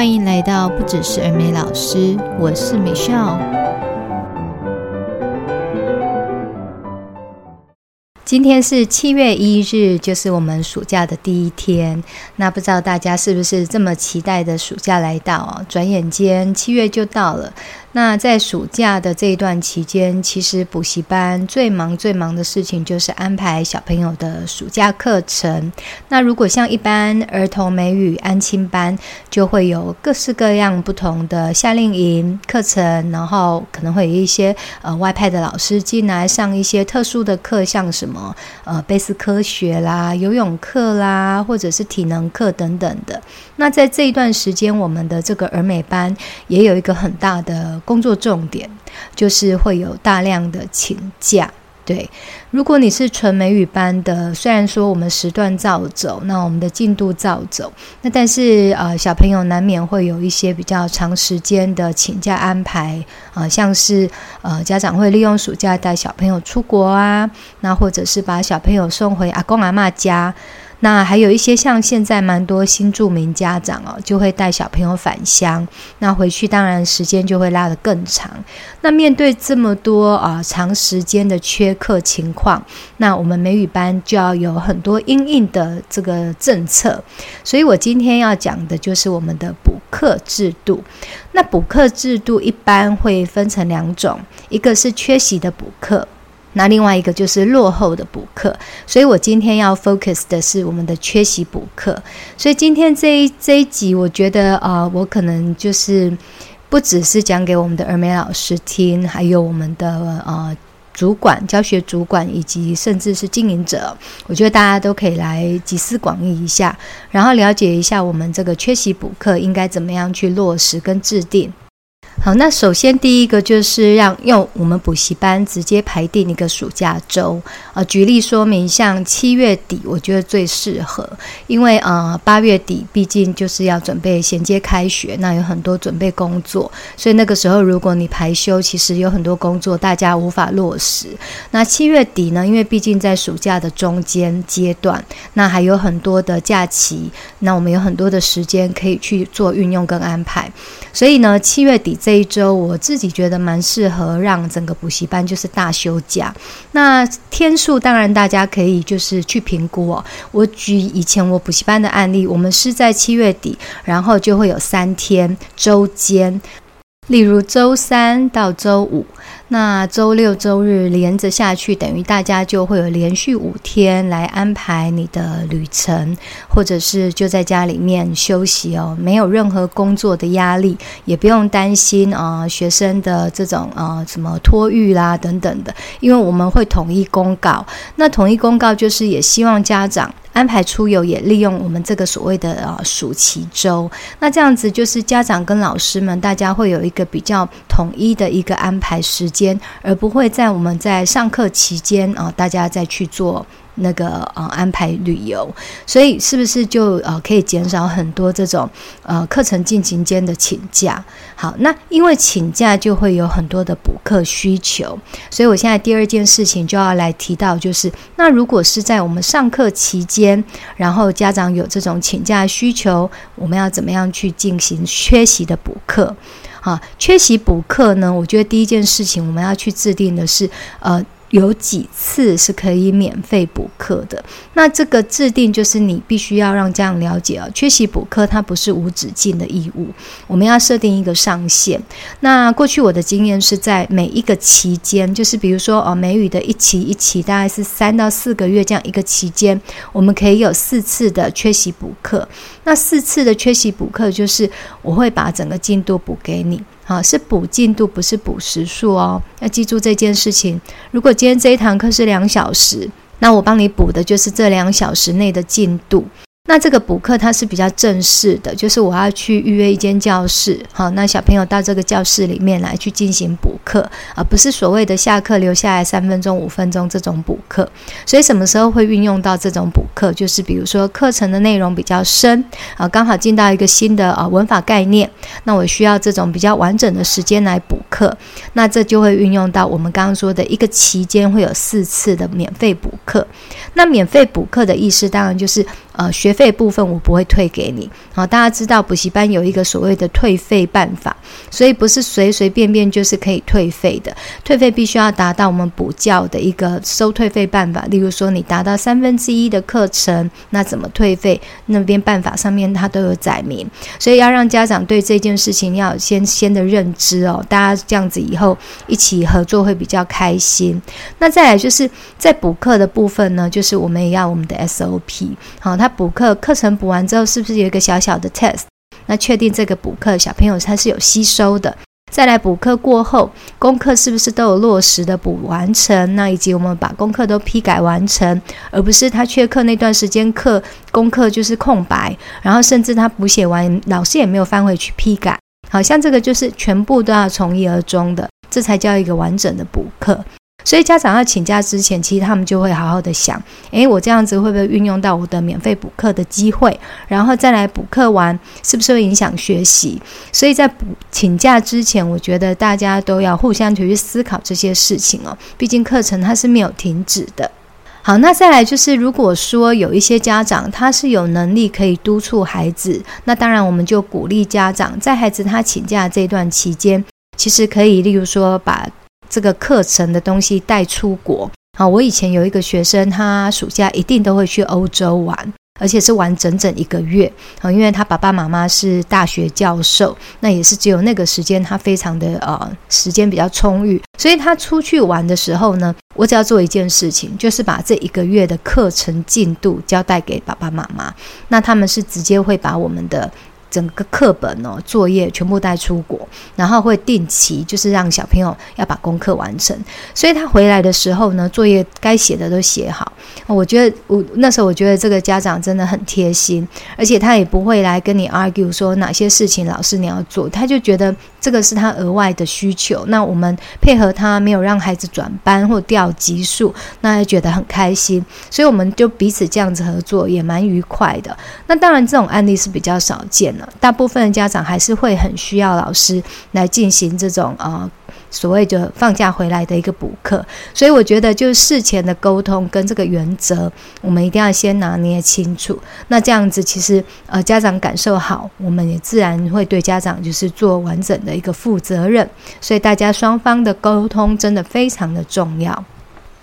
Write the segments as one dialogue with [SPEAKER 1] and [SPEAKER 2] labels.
[SPEAKER 1] 歡迎來到不只是兒美老師，我是 Michelle。今天是七月一日，就是我們暑假的第一天。那不知道大家是不是這麼期待的暑假來到？哦，轉眼間七月就到了。那在暑假的這一段期間，其實補習班最忙、最忙的事情就是安排小朋友的暑假課程。那如果像一般兒童美語、安親班，就會有各式各樣不同的夏令營課程，然後可能會有一些呃外派的老師進來上一些特殊的課，像什麼呃貝斯科學啦、游泳課啦，或者是體能課等等的。那在這一段時間，我們的這個兒美班也有一個很大的工作重點就是會有大量的請假。對，如果你是純美語班的，雖然說我們時段照走，那我們的進度照走，那但是呃，小朋友難免會有一些比較長時間的請假安排，呃，像是呃，家長會利用暑假帶小朋友出國啊，那或者是把小朋友送回阿公阿嬤家。那還有一些像現在蠻多新住民家長哦，就會帶小朋友返鄉。那回去當然時間就會拉得更長。那面對這麼多啊，長時間的缺課情況，那我們美語班就要有很多因應的這個政策。所以我今天要講的就是我們的補課制度。那補課制度一般會分成兩種，一個是缺席的補課。那另外一個就是落後的補課，所以我今天要 focus 的是我們的缺席補課。所以今天這一這一集，我覺得啊、呃，我可能就是不只是講給我們的兒美老師聽，還有我們的呃主管、教學主管，以及甚至是經營者，我覺得大家都可以來集思廣益一下，然後了解一下我們這個缺席補課應該怎麼樣去落實跟制定。好，那首先第一個就是讓用我們補習班直接排定一個暑假周啊、呃，舉例說明，像七月底我覺得最適合，因為呃，八月底畢竟就是要準備銜接開學，那有很多準備工作，所以那個時候如果你排休，其實有很多工作大家無法落實。那七月底呢，因為畢竟在暑假的中間階段，那還有很多的假期，那我們有很多的時間可以去做運用跟安排，所以呢，七月底在。這一周我自己覺得蠻適合讓整個補習班就是大休假，那天數當然大家可以就是去評估哦。我舉以前我補習班的案例，我們是在七月底，然後就會有三天周間，例如周三到周五。那週六週日連着下去，等於大家就會有連續五天來安排你的旅程，或者是就在家裡面休息哦，沒有任何工作的壓力，也不用擔心啊，學生的這種呃什麼托育啦等等的，因為我們會統一公告。那統一公告就是也希望家長。安排出遊，也利用我們這個所謂的啊暑期週，那這樣子就是家長跟老師們大家會有一個比較統一的一個安排時間，而不會在我們在上課期間啊大家再去做。那個呃安排旅遊，所以是不是就呃可以減少很多這種呃課程進行間的請假？好，那因為請假就會有很多的補課需求，所以我現在第二件事情就要來提到，就是，那如果是在我們上課期間，然後家長有這種請假需求，我們要怎麼樣去進行缺席的補課？啊，缺席補課呢，我覺得第一件事情我們要去制定的是呃。有幾次是可以免費補課的，那這個制定就是你必須要讓家長了解啊、哦，缺席補課它不是無止境的義務，我們要設定一個上限。那過去我的經驗是在每一個期間，就是比如說哦，美語的一期一期大概是三到四個月這樣一個期間，我們可以有四次的缺席補課。那四次的缺席補課就是我會把整個進度補給你。啊，是補進度，不是補時數哦，要記住這件事情。如果今天這一堂課是兩小時，那我幫你補的就是這兩小時內的進度。那這個補課它是比較正式的，就是我要去預約一間教室，好，那小朋友到這個教室裡面來去進行補課，而、啊、不是所謂的下課留下來三分鐘、五分鐘這種補課。所以什麼時候會運用到這種補課？就是比如說課程的內容比較深啊，剛好進到一個新的啊文法概念，那我需要這種比較完整的時間來補課，那這就會運用到我們剛剛說的一個期間會有四次的免費補課。那免費補課的意思當然就是。呃，學費部分我不會退給你。好，大家知道補習班有一個所謂的退費辦法，所以不是隨隨便便就是可以退費的。退費必須要達到我們補教的一個收退費辦法，例如說你達到三分之一的課程，那怎麼退費？那邊辦法上面它都有載明，所以要讓家長對這件事情要有先先的認知哦。大家這樣子以後一起合作會比較開心。那再來就是在補課的部分呢，就是我們也要我們的 SOP 好，他。補課課程補完之後，是不是有一個小小的 test？那確定這個補課小朋友他是有吸收的。再來補課過後，功課是不是都有落實的補完成？那以及我們把功課都批改完成，而不是他缺課那段時間課功課就是空白。然後甚至他補寫完，老師也沒有翻回去批改。好像這個就是全部都要從一而終的，這才叫一個完整的補課。所以家長要請假之前，其實他們就會好好的想：誒，我這樣子會不會運用到我的免費補課的機會？然後再來補課完，是不是會影響學習？所以在補請假之前，我覺得大家都要互相去思考這些事情哦。畢竟課程它是沒有停止的。好，那再來就是，如果說有一些家長他是有能力可以督促孩子，那當然我們就鼓勵家長在孩子他請假這段期間，其實可以例如說把。這個課程的東西帶出國啊！我以前有一個學生，他暑假一定都會去歐洲玩，而且是玩整整一個月啊！因為他爸爸媽媽是大學教授，那也是只有那個時間，他非常的，呃，時間比較充裕，所以他出去玩的時候呢，我只要做一件事情，就是把這一個月的課程進度交代給爸爸媽媽，那他們是直接會把我們的。整個課本哦，作業全部帶出國，然後會定期就是讓小朋友要把功課完成，所以他回來的時候呢，作業該寫的都寫好。我覺得我那時候我覺得這個家長真的很貼心，而且他也不會來跟你 argue 說哪些事情老師你要做，他就覺得這個是他額外的需求。那我們配合他，沒有讓孩子轉班或調級數，那也覺得很開心。所以我們就彼此這樣子合作也蠻愉快的。那當然這種案例是比較少見的。大部分的家長還是會很需要老師來進行這種呃，所謂的放假回來的一個補課，所以我覺得就是事前的溝通跟這個原則，我們一定要先拿捏清楚。那這樣子其實呃，家長感受好，我們也自然會對家長就是做完整的一個負責任。所以大家雙方的溝通真的非常的重要。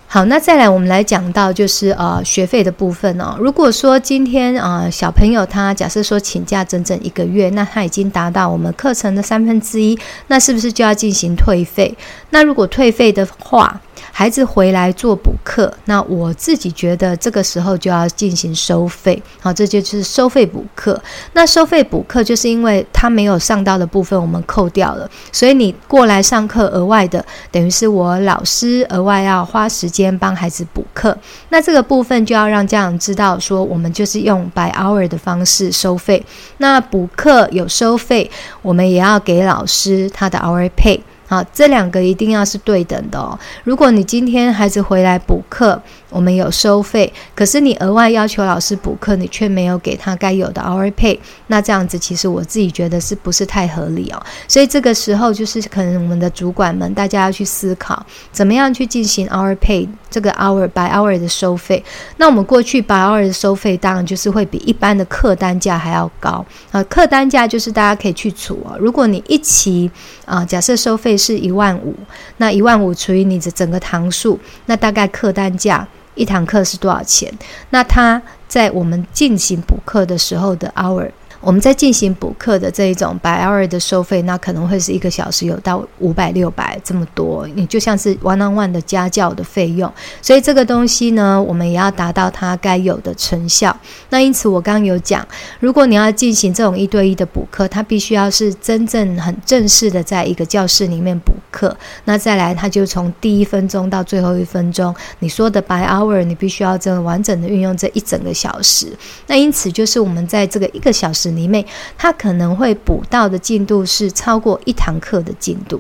[SPEAKER 1] 好，那再來我們來講到就是呃學費的部分哦。如果說今天啊呃小朋友他假設說請假整整一個月，那他已經達到我們課程的三分之一，那是不是就要進行退費？那如果退費的話，孩子回來做補課，那我自己覺得這個時候就要進行收費，好，這就是收費補課。那收費補課就是因為他沒有上到的部分我們扣掉了，所以你過來上課額外的，等於是我老師額外要花時間幫孩子補課，那這個部分就要讓家長知道說，我們就是用 by hour 的方式收費。那補課有收費，我們也要給老師他的 hour pay。好，這兩個一定要是對等的哦。如果你今天孩子回來補課，我們有收費，可是你額外要求老師補課，你卻沒有給他該有的 hour pay，那這樣子其實我自己覺得是不是太合理哦？所以這個時候就是可能我們的主管們大家要去思考，怎麼樣去進行 hour pay 這個 hour by hour 的收費。那我們過去 by hour 的收費當然就是會比一般的客單價還要高啊。客單價就是大家可以去除哦，如果你一起啊、呃，假設收費。是一萬五，那一萬五除以你的整個堂數，那大概客單價一堂課是多少錢？那它在我們進行補課的時候的 hour。我們在進行補課的這一種 by hour 的收費，那可能會是一個小時有到五百六百這麼多，你就像是 one on one 的家教的費用，所以這個東西呢，我們也要達到它該有的成效。那因此我剛剛有講，如果你要進行這種一對一的補課，它必須要是真正很正式的，在一個教室裡面補課。那再來，它就從第一分鐘到最後一分鐘，你說的 by hour，你必須要真的完整的運用這一整個小時。那因此就是我們在這個一個小時內，裡面，它可能會補到的進度是超過一堂課的進度，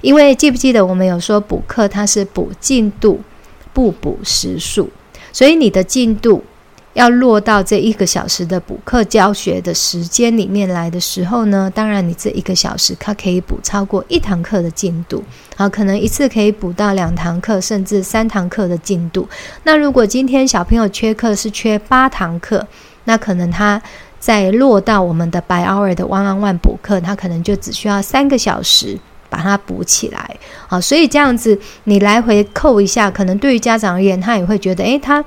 [SPEAKER 1] 因為記不記得我們有說補課它是補進度，不補時數，所以你的進度要落到這一個小時的補課教學的時間裡面來的時候呢，當然你這一個小時它可以補超過一堂課的進度，啊，可能一次可以補到兩堂課，甚至三堂課的進度。那如果今天小朋友缺課是缺八堂課，那可能他。再落到我們的 by hour 的 one on one 補課，他可能就只需要三個小時把它補起來，好，所以這樣子你來回扣一下，可能對於家長而言，他也會覺得，哎、欸，他。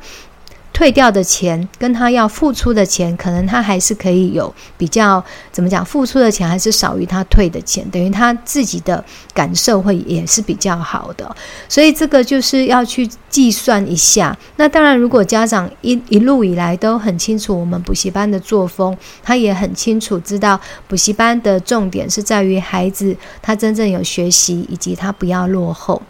[SPEAKER 1] 退掉的錢跟他要付出的錢，可能他還是可以有比較，怎麼講？付出的錢還是少於他退的錢，等於他自己的感受會也是比較好的。所以這個就是要去計算一下。那當然，如果家長一一路以來都很清楚我們補習班的作風，他也很清楚知道補習班的重點是在於孩子他真正有學習以及他不要落後。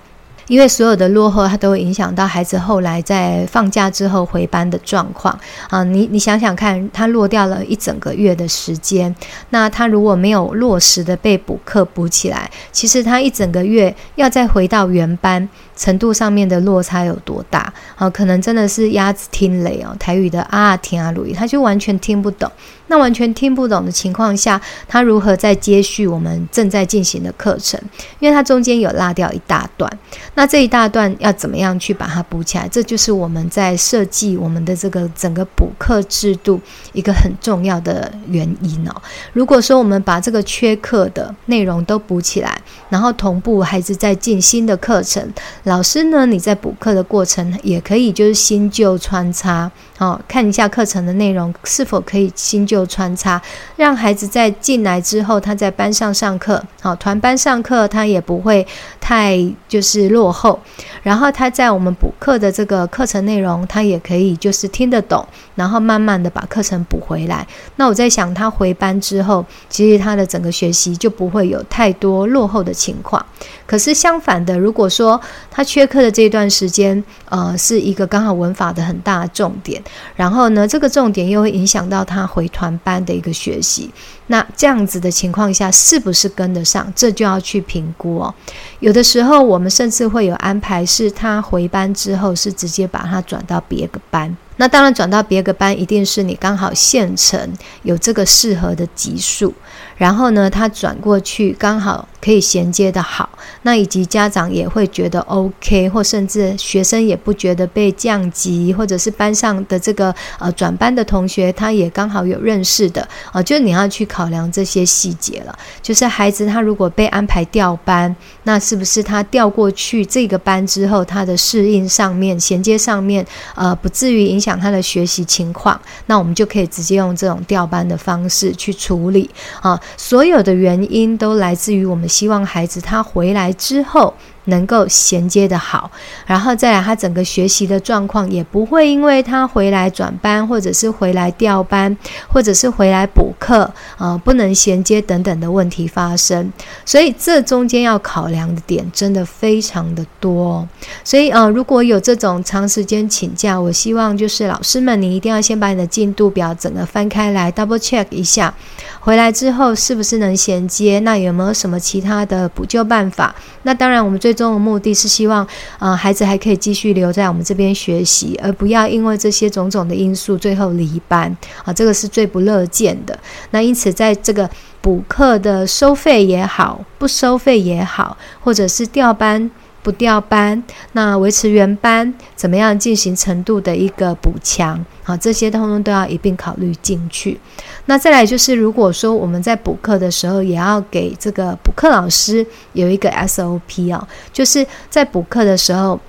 [SPEAKER 1] 因為所有的落後，它都會影響到孩子後來在放假之後回班的狀況啊！你你想想看，他落掉了一整個月的時間，那他如果沒有落實的被補課補起來，其實他一整個月要再回到原班，程度上面的落差有多大啊、哦？可能真的是鴨子聽雷哦。台語的阿、啊、聽阿魯伊，他就完全聽不懂。那完全聽不懂的情況下，他如何在接續我們正在進行的課程？因為他中間有落掉一大段。那這一大段要怎麼樣去把它補起來？這就是我們在設計我們的這個整個補課制度一個很重要的原因哦。如果說我們把這個缺課的內容都補起來，然後同步孩子再進新的課程。老師呢，你在補課的過程也可以，就是新舊穿插。好、哦，看一下課程的內容是否可以新舊穿插，讓孩子在進來之後，他在班上上課，好、哦，團班上課，他也不會太就是落後。然後他在我們補課的這個課程內容，他也可以就是聽得懂，然後慢慢的把課程補回來。那我在想，他回班之後，其實他的整個學習就不會有太多落後的情況。可是相反的，如果說他缺課的這一段時間，呃，是一個剛好文法的很大的重點。然後呢，這個重點又會影響到他回團班的一個學習。那這樣子的情況下，是不是跟得上？這就要去評估哦。有的時候，我們甚至會有安排，是他回班之後，是直接把他轉到別個班。那當然，轉到別個班一定是你剛好現成有這個適合的級數，然後呢，他轉過去剛好可以銜接的好。那以及家長也會覺得 OK，或甚至學生也不覺得被降級，或者是班上的這個呃轉班的同學，他也剛好有認識的啊，呃，就是你要去考。考量這些細節了，就是孩子他如果被安排調班，那是不是他調過去這個班之後，他的適應上面、銜接上面，呃，不至於影響他的學習情況？那我們就可以直接用這種調班的方式去處理啊。所有的原因都來自於我們希望孩子他回來之後能夠銜接的好，然後再來他整個學習的狀況也不會因為他回來轉班或者是回來調班或者是回來補課啊、呃、不能銜接等等的問題發生，所以這中間要考量的點真的非常的多哦，所以呃如果有這種長時間請假，我希望就是老師們你一定要先把你的進度表整個翻開來 double check 一下。回來之後是不是能銜接？那有沒有什麼其他的補救辦法？那當然，我們最終的目的是希望，呃，孩子還可以繼續留在我們這邊學習，而不要因為這些種種的因素最後離班啊，這個是最不樂見的。那因此，在這個補課的收費也好，不收費也好，或者是調班。不掉班，那維持原班，怎麼樣進行程度的一個補強？好，這些通通都要一併考慮進去。那再來就是，如果說我們在補課的時候，也要給這個補課老師有一個 SOP 哦，就是在補課的時候。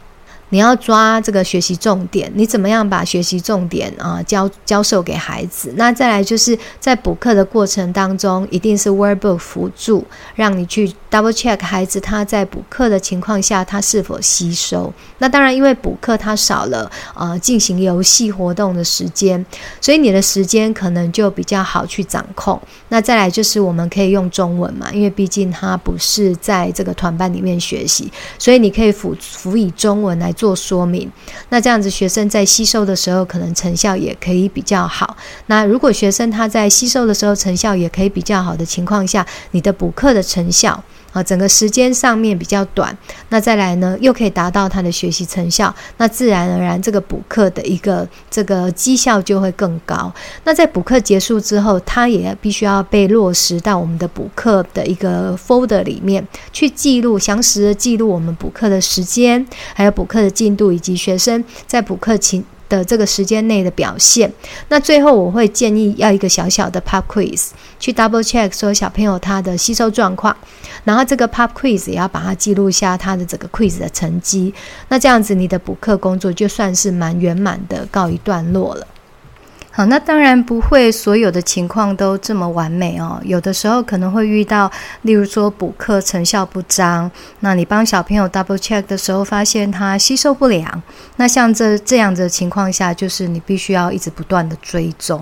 [SPEAKER 1] 你要抓這個學習重點，你怎麼樣把學習重點啊教教授給孩子？那再來就是在補課的過程當中，一定是 workbook 輔助，讓你去 double check 孩子他在補課的情況下，他是否吸收。那當然，因為補課他少了呃進行遊戲活動的時間，所以你的時間可能就比較好去掌控。那再來就是我們可以用中文嘛，因為畢竟他不是在這個團班裡面學習，所以你可以輔輔以中文來做說明，那這樣子學生在吸收的時候，可能成效也可以比較好。那如果學生他在吸收的時候成效也可以比較好的情況下，你的補課的成效。啊，整個時間上面比較短，那再來呢，又可以達到他的學習成效，那自然而然這個補課的一個這個績效就會更高。那在補課結束之後，他也必須要被落實到我們的補課的一個 folder 裡面去記錄，詳實的記錄我們補課的時間，還有補課的進度以及學生在補課情。的這個時間內的表現，那最後我會建議要一個小小的 pop quiz 去 double check 說小朋友他的吸收狀況，然後這個 pop quiz 也要把它記錄下他的整個 quiz 的成績，那這樣子你的補課工作就算是蠻圓滿的告一段落了。好，那當然不會，所有的情況都這麼完美哦。有的時候可能會遇到，例如說補課成效不彰，那你幫小朋友 double check 的時候，發現他吸收不良。那像這這樣的情況下，就是你必須要一直不斷的追蹤，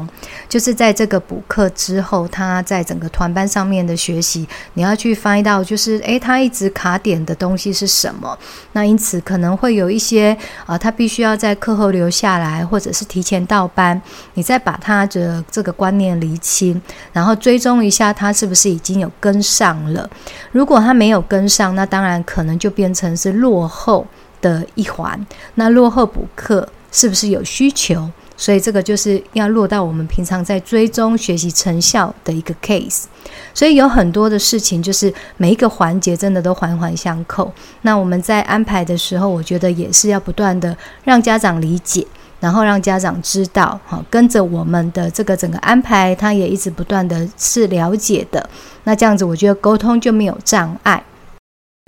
[SPEAKER 1] 就是在這個補課之後，他在整個團班上面的學習，你要去 find 到，就是誒，他一直卡點的東西是什麼？那因此可能會有一些啊、呃，他必須要在課後留下來，或者是提前到班。你再把他的這個觀念釐清，然後追蹤一下他是不是已經有跟上了。如果他沒有跟上，那當然可能就變成是落後的一環。那落後補課是不是有需求？所以這個就是要落到我們平常在追蹤學習成效的一個 case。所以有很多的事情，就是每一個環節真的都環環相扣。那我們在安排的時候，我覺得也是要不斷的讓家長理解。然後讓家長知道，好，跟着我們的這個整個安排，他也一直不斷的是了解的。那這樣子，我覺得溝通就沒有障礙。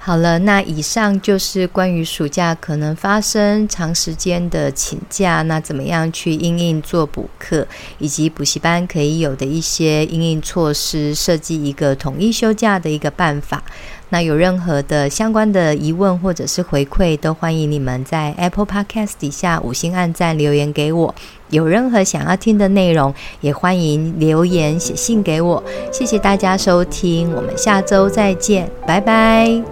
[SPEAKER 1] 好了，那以上就是關於暑假可能發生長時間的請假，那怎麼樣去因應做補課，以及補習班可以有的一些因應措施，設計一個統一休假的一個辦法。那有任何的相關的疑問或者是回饋，都歡迎你們在 Apple Podcast 底下五星按讚留言給我。有任何想要聽的內容，也歡迎留言寫信給我。謝謝大家收聽，我們下周再見，拜拜。